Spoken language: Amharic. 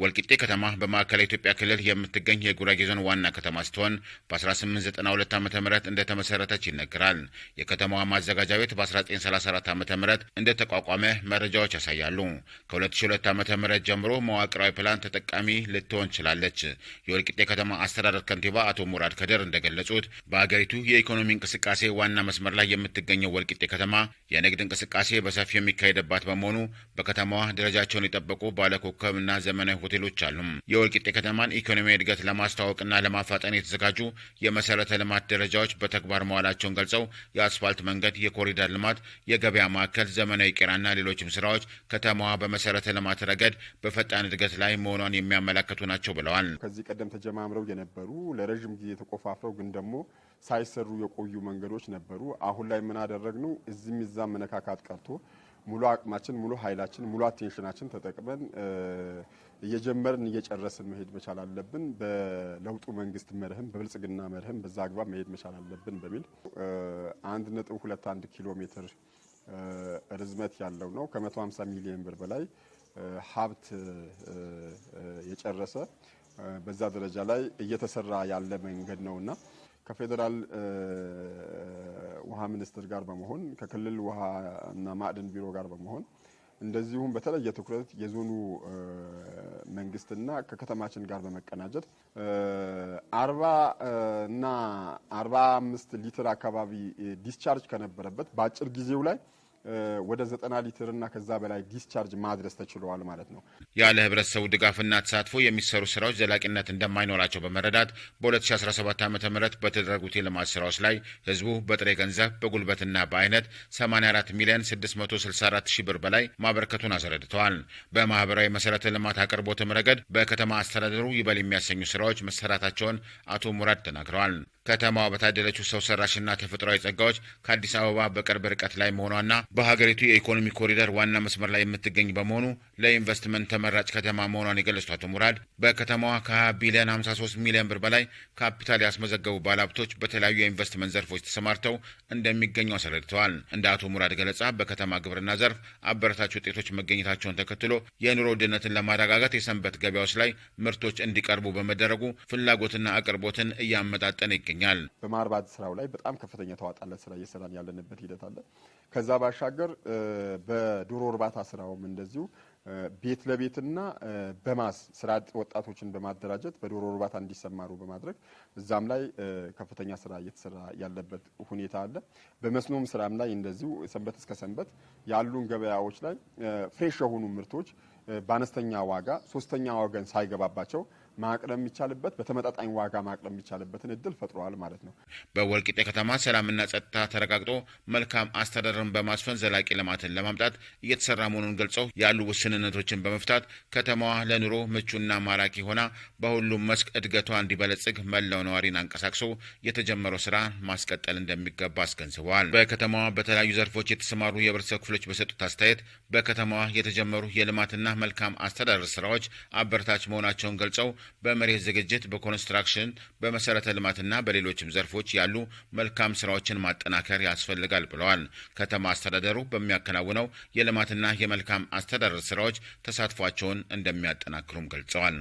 ወልቂጤ ከተማ በማዕከላዊ ኢትዮጵያ ክልል የምትገኝ የጉራጌ ዞን ዋና ከተማ ስትሆን በ1892 ዓ ም እንደተመሰረተች ይነገራል። የከተማዋ ማዘጋጃ ቤት በ1934 ዓ ም እንደተቋቋመ መረጃዎች ያሳያሉ። ከ2002 ዓ ም ጀምሮ መዋቅራዊ ፕላን ተጠቃሚ ልትሆን ችላለች። የወልቂጤ ከተማ አስተዳደር ከንቲባ አቶ ሙራድ ከደር እንደገለጹት በአገሪቱ የኢኮኖሚ እንቅስቃሴ ዋና መስመር ላይ የምትገኘው ወልቂጤ ከተማ የንግድ እንቅስቃሴ በሰፊው የሚካሄድባት በመሆኑ በከተማዋ ደረጃቸውን የጠበቁ እና ዘመናዊ ሆቴሎች አሉ። የወልቂጤ ከተማን ኢኮኖሚያዊ እድገት ለማስተዋወቅና ለማፋጠን የተዘጋጁ የመሰረተ ልማት ደረጃዎች በተግባር መዋላቸውን ገልጸው የአስፋልት መንገድ፣ የኮሪደር ልማት፣ የገበያ ማዕከል፣ ዘመናዊ ቄራና ሌሎችም ስራዎች ከተማዋ በመሰረተ ልማት ረገድ በፈጣን እድገት ላይ መሆኗን የሚያመለክቱ ናቸው ብለዋል። ከዚህ ቀደም ተጀማምረው የነበሩ ለረዥም ጊዜ ተቆፋፍረው ግን ደግሞ ሳይሰሩ የቆዩ መንገዶች ነበሩ። አሁን ላይ ምን አደረግነው? እዚህም እዛም መነካካት ቀርቶ ሙሉ አቅማችን፣ ሙሉ ኃይላችን፣ ሙሉ አቴንሽናችን ተጠቅመን እየጀመርን እየጨረስን መሄድ መቻል አለብን። በለውጡ መንግስት መርህም በብልጽግና መርህም በዛ አግባብ መሄድ መቻል አለብን በሚል አንድ ነጥብ ሁለት አንድ ኪሎ ሜትር ርዝመት ያለው ነው 5ምሳ ሚሊዮን ብር በላይ ሀብት የጨረሰ በዛ ደረጃ ላይ እየተሰራ ያለ መንገድ ነውና ከፌዴራል ውሃ ሚኒስቴር ጋር በመሆን ከክልል ውሃ እና ማዕድን ቢሮ ጋር በመሆን እንደዚሁም በተለየ ትኩረት የዞኑ መንግስትና ከከተማችን ጋር በመቀናጀት አርባ እና አርባ አምስት ሊትር አካባቢ ዲስቻርጅ ከነበረበት በአጭር ጊዜው ላይ ወደ ዘጠና ሊትር እና ከዛ በላይ ዲስቻርጅ ማድረስ ተችሏል ማለት ነው። ያለ ህብረተሰቡ ድጋፍና ተሳትፎ የሚሰሩ ስራዎች ዘላቂነት እንደማይኖራቸው በመረዳት በ2017 ዓ ም በተደረጉት የልማት ስራዎች ላይ ህዝቡ በጥሬ ገንዘብ በጉልበትና በአይነት 84 ሚሊዮን 664 ሺህ ብር በላይ ማበረከቱን አስረድተዋል። በማህበራዊ መሰረተ ልማት አቅርቦትም ረገድ በከተማ አስተዳደሩ ይበል የሚያሰኙ ስራዎች መሰራታቸውን አቶ ሙራድ ተናግረዋል። ከተማዋ በታደለችው ሰው ሰራሽና ተፈጥሯዊ ጸጋዎች ከአዲስ አበባ በቅርብ ርቀት ላይ መሆኗና በሀገሪቱ የኢኮኖሚ ኮሪደር ዋና መስመር ላይ የምትገኝ በመሆኑ ለኢንቨስትመንት ተመራጭ ከተማ መሆኗን የገለጹት አቶ ሙራድ በከተማዋ ከ20 ቢሊዮን 53 ሚሊዮን ብር በላይ ካፒታል ያስመዘገቡ ባለሀብቶች በተለያዩ የኢንቨስትመንት ዘርፎች ተሰማርተው እንደሚገኙ አስረድተዋል። እንደ አቶ ሙራድ ገለጻ በከተማ ግብርና ዘርፍ አበረታች ውጤቶች መገኘታቸውን ተከትሎ የኑሮ ውድነትን ለማረጋጋት የሰንበት ገበያዎች ላይ ምርቶች እንዲቀርቡ በመደረጉ ፍላጎትና አቅርቦትን እያመጣጠነ ይገኛል። በማርባት ስራው ላይ በጣም ከፍተኛ ተዋጣለት ስራ እየሰራን ያለንበት ሂደት አለ። ከዛ ባሻ ባሻገር በዶሮ እርባታ ስራውም እንደዚሁ ቤት ለቤትና በማስ ስራ ወጣቶችን በማደራጀት በዶሮ እርባታ እንዲሰማሩ በማድረግ እዛም ላይ ከፍተኛ ስራ እየተሰራ ያለበት ሁኔታ አለ። በመስኖም ስራም ላይ እንደዚሁ ሰንበት እስከ ሰንበት ያሉን ገበያዎች ላይ ፍሬሽ የሆኑ ምርቶች በአነስተኛ ዋጋ ሶስተኛ ወገን ሳይገባባቸው ማቅረብ የሚቻልበት በተመጣጣኝ ዋጋ ማቅረብ የሚቻልበትን እድል ፈጥረዋል ማለት ነው። በወልቂጤ ከተማ ሰላምና ጸጥታ ተረጋግጦ መልካም አስተዳደርን በማስፈን ዘላቂ ልማትን ለማምጣት እየተሰራ መሆኑን ገልጸው ያሉ ውስንነቶችን በመፍታት ከተማዋ ለኑሮ ምቹና ማራኪ ሆና በሁሉም መስክ እድገቷ እንዲበለጽግ መላው ነዋሪን አንቀሳቅሶ የተጀመረው ስራ ማስቀጠል እንደሚገባ አስገንዝበዋል። በከተማዋ በተለያዩ ዘርፎች የተሰማሩ የህብረተሰብ ክፍሎች በሰጡት አስተያየት በከተማዋ የተጀመሩ የልማትና መልካም አስተዳደር ስራዎች አበረታች መሆናቸውን ገልጸው በመሬት ዝግጅት፣ በኮንስትራክሽን፣ በመሰረተ ልማትና በሌሎችም ዘርፎች ያሉ መልካም ስራዎችን ማጠናከር ያስፈልጋል ብለዋል። ከተማ አስተዳደሩ በሚያከናውነው የልማትና የመልካም አስተዳደር ስራዎች ተሳትፏቸውን እንደሚያጠናክሩም ገልጸዋል።